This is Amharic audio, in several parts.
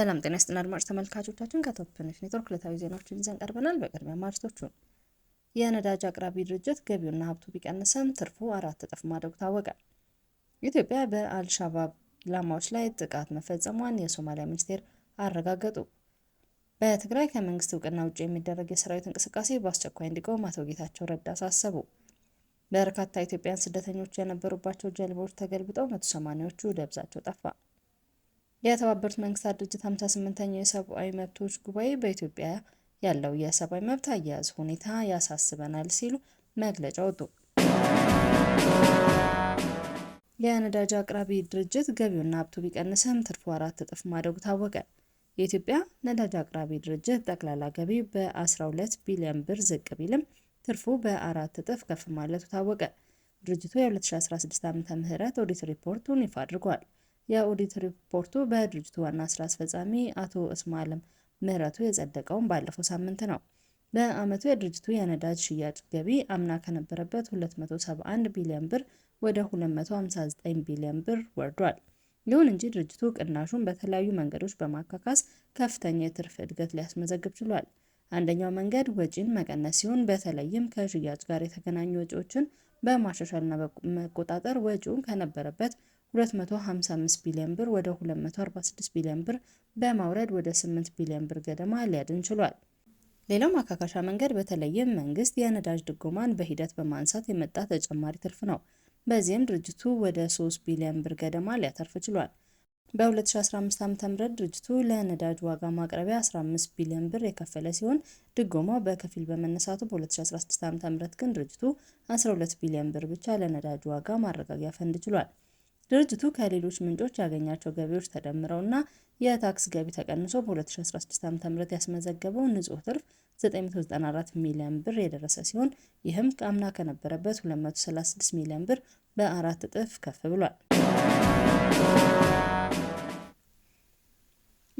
ሰላም ጤና ይስጥና አድማጭ ተመልካቾቻችን ከቶፕ ኔትወርክ ዕለታዊ ዜናዎችን ይዘን ቀርበናል። በቅድሚያ ማርዕስቶቹን የነዳጅ አቅራቢ ድርጅት ገቢውና ሀብቱ ቢቀንስም ትርፉ አራት እጥፍ ማደጉ ታወቀ። ኢትዮጵያ በአልሻባብ ኢላማዎች ላይ ጥቃት መፈጸሟን የሶማሊያ ሚኒስቴር አረጋገጡ። በትግራይ ከመንግስት እውቅና ውጭ የሚደረግ የሰራዊት እንቅስቃሴ በአስቸኳይ እንዲቆም አቶ ጌታቸው ረዳ አሳሰቡ። በርካታ ኢትዮጵያውያን ስደተኞች የነበሩባቸው ጀልባዎች ተገልብጠው መቶ ሰማኒያዎቹ ደብዛቸው ጠፋ። የተባበሩት መንግስታት ድርጅት 58ኛው የሰብአዊ መብቶች ጉባኤ በኢትዮጵያ ያለው የሰብአዊ መብት አያያዝ ሁኔታ ያሳስበናል ሲሉ መግለጫ ወጡ። የነዳጅ አቅራቢ ድርጅት ገቢውና ሀብቱ ቢቀንስም ትርፉ አራት እጥፍ ማደጉ ታወቀ። የኢትዮጵያ ነዳጅ አቅራቢ ድርጅት ጠቅላላ ገቢ በ12 ቢሊዮን ብር ዝቅ ቢልም ትርፉ በአራት እጥፍ ከፍ ማለቱ ታወቀ። ድርጅቱ የ2016 ም ኦዲት ሪፖርቱን ይፋ አድርጓል። የኦዲት ሪፖርቱ በድርጅቱ ዋና ስራ አስፈጻሚ አቶ እስማኤል ምህረቱ የጸደቀውን ባለፈው ሳምንት ነው። በዓመቱ የድርጅቱ የነዳጅ ሽያጭ ገቢ አምና ከነበረበት 271 ቢሊዮን ብር ወደ 259 ቢሊዮን ብር ወርዷል። ይሁን እንጂ ድርጅቱ ቅናሹን በተለያዩ መንገዶች በማካካስ ከፍተኛ የትርፍ እድገት ሊያስመዘግብ ችሏል። አንደኛው መንገድ ወጪን መቀነስ ሲሆን በተለይም ከሽያጭ ጋር የተገናኙ ወጪዎችን በማሻሻልና በመቆጣጠር ወጪውን ከነበረበት 255 ቢሊዮን ብር ወደ 246 ቢሊዮን ብር በማውረድ ወደ 8 ቢሊዮን ብር ገደማ ሊያድን ችሏል። ሌላው ማካካሻ መንገድ በተለይም መንግስት የነዳጅ ድጎማን በሂደት በማንሳት የመጣ ተጨማሪ ትርፍ ነው። በዚህም ድርጅቱ ወደ 3 ቢሊዮን ብር ገደማ ሊያተርፍ ችሏል። በ2015 ዓ.ም ድርጅቱ ለነዳጅ ዋጋ ማቅረቢያ 15 ቢሊዮን ብር የከፈለ ሲሆን ድጎማው በከፊል በመነሳቱ በ2016 ዓ.ም ግን ድርጅቱ 12 ቢሊዮን ብር ብቻ ለነዳጅ ዋጋ ማረጋጊያ ፈንድ ችሏል። ድርጅቱ ከሌሎች ምንጮች ያገኛቸው ገቢዎች ተደምረው እና የታክስ ገቢ ተቀንሶ በ2016 ዓ.ም ያስመዘገበው ንጹህ ትርፍ 994 ሚሊዮን ብር የደረሰ ሲሆን ይህም ከአምና ከነበረበት 236 ሚሊዮን ብር በአራት እጥፍ ከፍ ብሏል።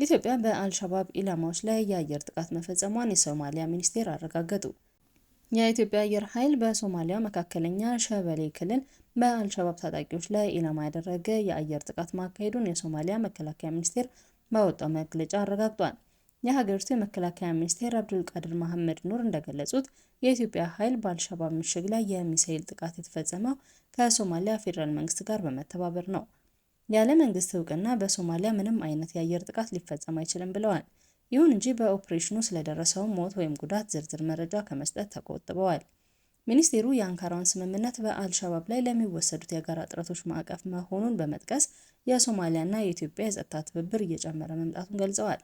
ኢትዮጵያ በአልሸባብ ኢላማዎች ላይ የአየር ጥቃት መፈጸሟን የሶማሊያ ሚኒስቴር አረጋገጡ። የኢትዮጵያ አየር ኃይል በሶማሊያ መካከለኛ ሸበሌ ክልል በአልሸባብ ታጣቂዎች ላይ ኢላማ ያደረገ የአየር ጥቃት ማካሄዱን የሶማሊያ መከላከያ ሚኒስቴር ባወጣው መግለጫ አረጋግጧል። የሀገሪቱ የመከላከያ ሚኒስቴር አብዱልቃድር መሐመድ ኑር እንደገለጹት የኢትዮጵያ ኃይል በአልሸባብ ምሽግ ላይ የሚሳኤል ጥቃት የተፈጸመው ከሶማሊያ ፌዴራል መንግስት ጋር በመተባበር ነው። ያለ መንግስት እውቅና በሶማሊያ ምንም አይነት የአየር ጥቃት ሊፈጸም አይችልም ብለዋል። ይሁን እንጂ በኦፕሬሽኑ ስለደረሰው ሞት ወይም ጉዳት ዝርዝር መረጃ ከመስጠት ተቆጥበዋል። ሚኒስቴሩ የአንካራውን ስምምነት በአልሸባብ ላይ ለሚወሰዱት የጋራ ጥረቶች ማዕቀፍ መሆኑን በመጥቀስ የሶማሊያና የኢትዮጵያ የጸጥታ ትብብር እየጨመረ መምጣቱን ገልጸዋል።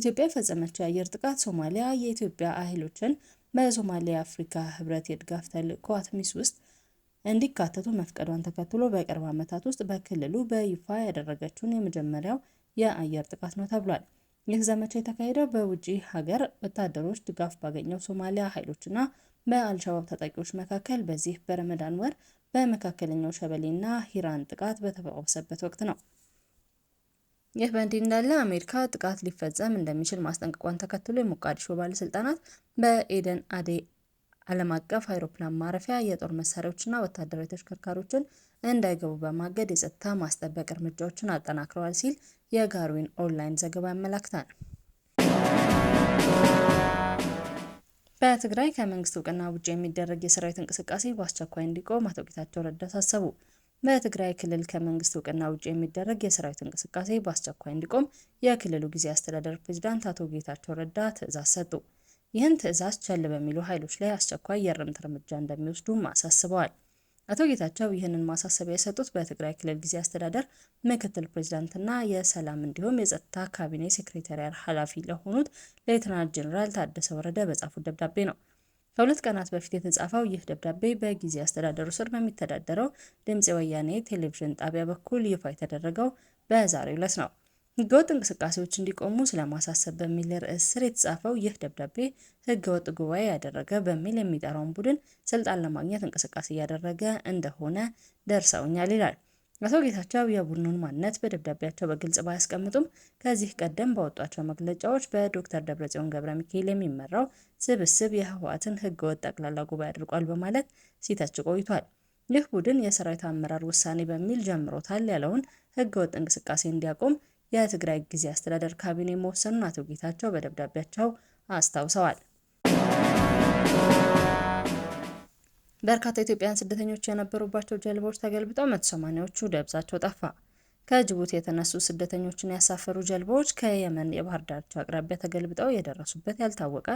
ኢትዮጵያ የፈጸመችው የአየር ጥቃት ሶማሊያ የኢትዮጵያ ኃይሎችን በሶማሊያ የአፍሪካ ህብረት የድጋፍ ተልዕኮ አትሚስ ውስጥ እንዲካተቱ መፍቀዷን ተከትሎ በቅርብ ዓመታት ውስጥ በክልሉ በይፋ ያደረገችውን የመጀመሪያው የአየር ጥቃት ነው ተብሏል። ይህ ዘመቻ የተካሄደው በውጪ ሀገር ወታደሮች ድጋፍ ባገኘው ሶማሊያ ኃይሎችና በአልሸባብ ታጣቂዎች መካከል በዚህ በረመዳን ወር በመካከለኛው ሸበሌና ሂራን ጥቃት በተባባሰበት ወቅት ነው። ይህ በእንዲህ እንዳለ አሜሪካ ጥቃት ሊፈጸም እንደሚችል ማስጠንቀቋን ተከትሎ የሞቃዲሾ ባለስልጣናት በኤደን አዴ ዓለም አቀፍ አውሮፕላን ማረፊያ የጦር መሳሪያዎችና ወታደራዊ ተሽከርካሪዎችን እንዳይገቡ በማገድ የጸጥታ ማስጠበቅ እርምጃዎችን አጠናክረዋል ሲል የጋርዊን ኦንላይን ዘገባ ያመላክታል። በትግራይ ከመንግስት እውቅና ውጭ የሚደረግ የሰራዊት እንቅስቃሴ በአስቸኳይ እንዲቆም አቶ ጌታቸው ረዳ አሳሰቡ። በትግራይ ክልል ከመንግስት እውቅና ውጭ የሚደረግ የሰራዊት እንቅስቃሴ በአስቸኳይ እንዲቆም የክልሉ ጊዜ አስተዳደር ፕሬዝዳንት አቶ ጌታቸው ረዳ ትዕዛዝ ሰጡ። ይህን ትዕዛዝ ቸል በሚሉ ኃይሎች ላይ አስቸኳይ የእርምት እርምጃ እንደሚወስዱም አሳስበዋል። አቶ ጌታቸው ይህንን ማሳሰቢያ የሰጡት በትግራይ ክልል ጊዜ አስተዳደር ምክትል ፕሬዚዳንትና የሰላም እንዲሁም የጸጥታ ካቢኔ ሴክሬታሪያት ኃላፊ ለሆኑት ሌተናል ጄኔራል ታደሰ ወረደ በጻፉት ደብዳቤ ነው። ከሁለት ቀናት በፊት የተጻፈው ይህ ደብዳቤ በጊዜ አስተዳደሩ ስር በሚተዳደረው ድምፅ ወያኔ ቴሌቪዥን ጣቢያ በኩል ይፋ የተደረገው በዛሬው ዕለት ነው። ህገወጥ እንቅስቃሴዎች እንዲቆሙ ስለማሳሰብ በሚል ርዕስ ስር የተጻፈው ይህ ደብዳቤ ህገወጥ ጉባኤ ያደረገ በሚል የሚጠራውን ቡድን ስልጣን ለማግኘት እንቅስቃሴ እያደረገ እንደሆነ ደርሰውኛል ይላል። አቶ ጌታቸው የቡድኑን ማንነት በደብዳቤያቸው በግልጽ ባያስቀምጡም ከዚህ ቀደም ባወጧቸው መግለጫዎች በዶክተር ደብረጽዮን ገብረ ሚካኤል የሚመራው ስብስብ የህወሓትን ህገወጥ ጠቅላላ ጉባኤ አድርጓል በማለት ሲተች ቆይቷል። ይህ ቡድን የሰራዊት አመራር ውሳኔ በሚል ጀምሮታል ያለውን ህገወጥ እንቅስቃሴ እንዲያቆም የትግራይ ጊዜ አስተዳደር ካቢኔ መወሰኑን አቶ ጌታቸው በደብዳቤያቸው አስታውሰዋል። በርካታ ኢትዮጵያን ስደተኞች የነበሩባቸው ጀልባዎች ተገልብጠው መቶ ሰማኒያዎቹ ደብዛቸው ጠፋ። ከጅቡቲ የተነሱ ስደተኞችን ያሳፈሩ ጀልባዎች ከየመን የባህር ዳርቻ አቅራቢያ ተገልብጠው የደረሱበት ያልታወቀ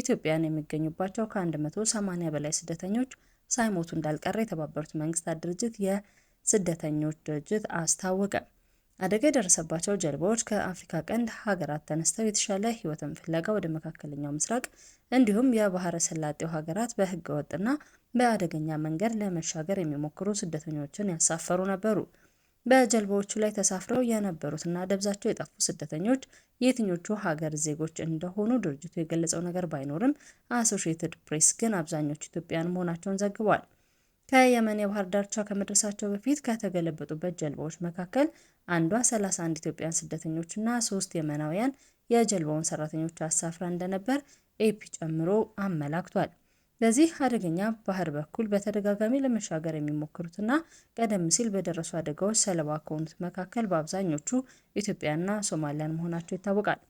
ኢትዮጵያን የሚገኙባቸው ከ180 በላይ ስደተኞች ሳይሞቱ እንዳልቀረ የተባበሩት መንግስታት ድርጅት የስደተኞች ድርጅት አስታወቀ። አደጋ የደረሰባቸው ጀልባዎች ከአፍሪካ ቀንድ ሀገራት ተነስተው የተሻለ ህይወትን ፍለጋ ወደ መካከለኛው ምስራቅ እንዲሁም የባህረ ሰላጤው ሀገራት ወጥና በአደገኛ መንገድ ለመሻገር የሚሞክሩ ስደተኞችን ያሳፈሩ ነበሩ። በጀልባዎቹ ላይ ተሳፍረው የነበሩትና ደብዛቸው የጠፉ ስደተኞች የትኞቹ ሀገር ዜጎች እንደሆኑ ድርጅቱ የገለጸው ነገር ባይኖርም አሶሺየትድ ፕሬስ ግን አብዛኞቹ ኢትዮጵያን መሆናቸውን ዘግቧል። ከየመን የባህር ዳርቻ ከመድረሳቸው በፊት ከተገለበጡበት ጀልባዎች መካከል አንዷ 31 ኢትዮጵያውያን ስደተኞችና ሶስት የመናውያን የጀልባውን ሰራተኞች አሳፍራ እንደነበር ኤፒ ጨምሮ አመላክቷል። በዚህ አደገኛ ባህር በኩል በተደጋጋሚ ለመሻገር የሚሞክሩትና ቀደም ሲል በደረሱ አደጋዎች ሰለባ ከሆኑት መካከል በአብዛኞቹ ኢትዮጵያና ሶማሊያን መሆናቸው ይታወቃል።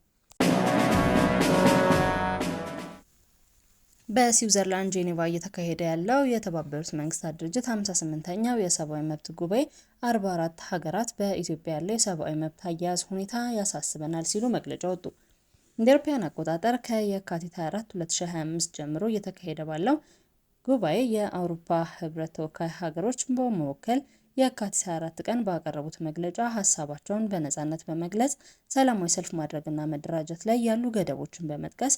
በስዊዘርላንድ ጄኔቫ እየተካሄደ ያለው የተባበሩት መንግስታት ድርጅት 58ኛው የሰብአዊ መብት ጉባኤ 44 ሀገራት በኢትዮጵያ ያለው የሰብአዊ መብት አያያዝ ሁኔታ ያሳስበናል ሲሉ መግለጫ ወጡ። እንደ አውሮፓውያን አቆጣጠር ከየካቲት 24 2025 ጀምሮ እየተካሄደ ባለው ጉባኤ የአውሮፓ ህብረት ተወካይ ሀገሮች በመወከል የካቲት 24 ቀን ባቀረቡት መግለጫ ሀሳባቸውን በነፃነት በመግለጽ ሰላማዊ ሰልፍ ማድረግና መደራጀት ላይ ያሉ ገደቦችን በመጥቀስ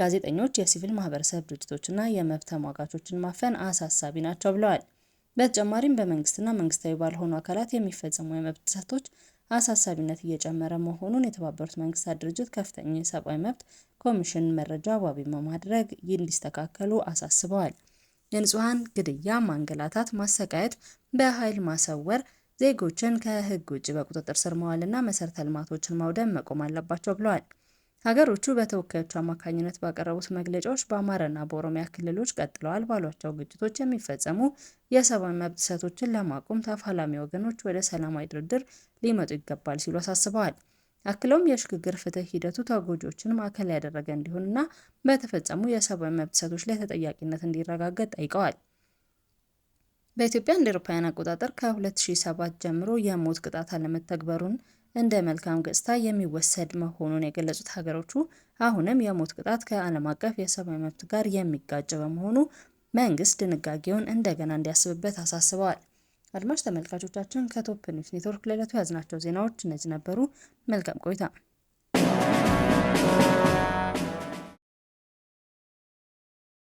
ጋዜጠኞች፣ የሲቪል ማህበረሰብ ድርጅቶችና የመብት ተሟጋቾችን ማፈን አሳሳቢ ናቸው ብለዋል። በተጨማሪም በመንግስትና መንግስታዊ ባልሆኑ አካላት የሚፈጸሙ የመብት ጥሰቶች አሳሳቢነት እየጨመረ መሆኑን የተባበሩት መንግስታት ድርጅት ከፍተኛ የሰብአዊ መብት ኮሚሽን መረጃ ዋቢ በማድረግ እንዲስተካከሉ አሳስበዋል። የንጹሐን ግድያ፣ ማንገላታት፣ ማሰቃየት፣ በኃይል ማሰወር፣ ዜጎችን ከህግ ውጭ በቁጥጥር ስር መዋልና መሰረተ ልማቶችን ማውደም መቆም አለባቸው ብለዋል። ሀገሮቹ በተወካዮቹ አማካኝነት ባቀረቡት መግለጫዎች በአማራና በኦሮሚያ ክልሎች ቀጥለዋል ባሏቸው ግጭቶች የሚፈጸሙ የሰብአዊ መብት ጥሰቶችን ለማቆም ተፋላሚ ወገኖች ወደ ሰላማዊ ድርድር ሊመጡ ይገባል ሲሉ አሳስበዋል። አክለውም የሽግግር ፍትህ ሂደቱ ተጎጂዎችን ማዕከል ያደረገ እንዲሆንና በተፈጸሙ የሰብአዊ መብት ጥሰቶች ላይ ተጠያቂነት እንዲረጋገጥ ጠይቀዋል። በኢትዮጵያ እንደ አውሮፓውያን አቆጣጠር ከ2007 ጀምሮ የሞት ቅጣት አለመተግበሩን እንደ መልካም ገጽታ የሚወሰድ መሆኑን የገለጹት ሀገሮቹ አሁንም የሞት ቅጣት ከዓለም አቀፍ የሰብአዊ መብት ጋር የሚጋጭ በመሆኑ መንግስት ድንጋጌውን እንደገና እንዲያስብበት አሳስበዋል። አድማጭ ተመልካቾቻችን ከቶፕ ኒውስ ኔትወርክ ለዕለቱ ያዝናቸው ዜናዎች እነዚህ ነበሩ። መልካም ቆይታ